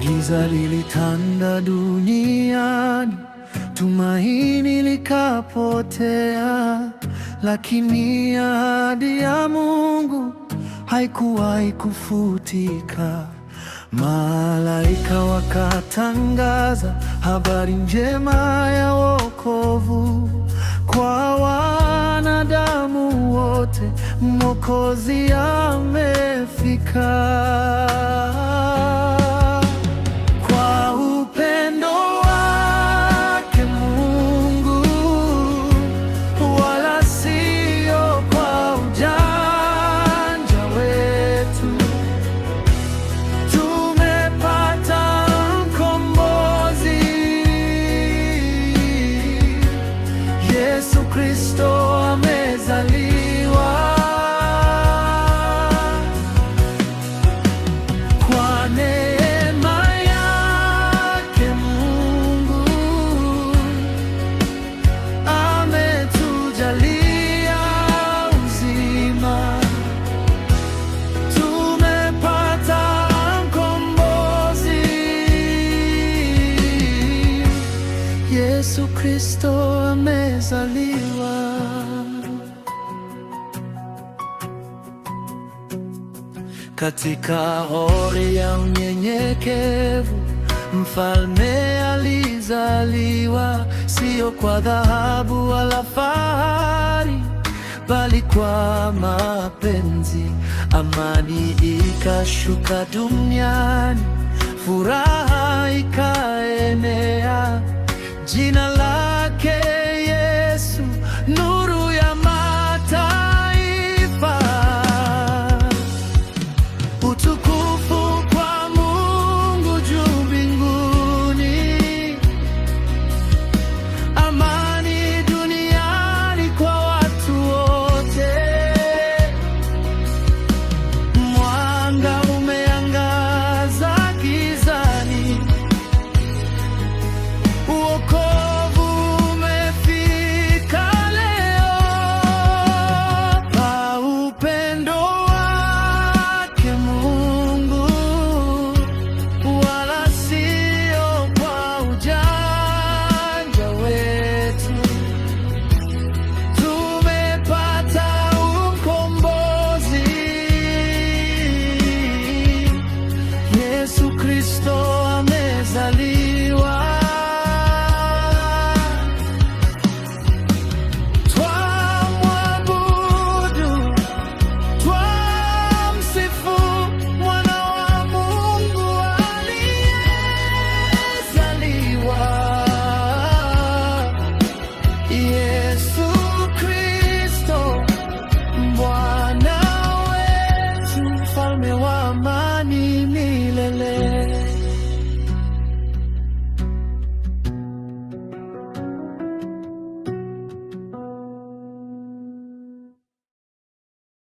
Giza lilitanda duniani, tumaini likapotea, lakini ahadi ya Mungu haikuwahi kufutika. Malaika wakatangaza habari njema ya wokovu kwa wanadamu wote, Mwokozi amefika. Cristo Kristo amezaliwa. Katika hori ya unyenyekevu, mfalme alizaliwa, sio kwa dhahabu wala fahari, bali kwa mapenzi. Amani ikashuka duniani, furaha ikaenea, jina la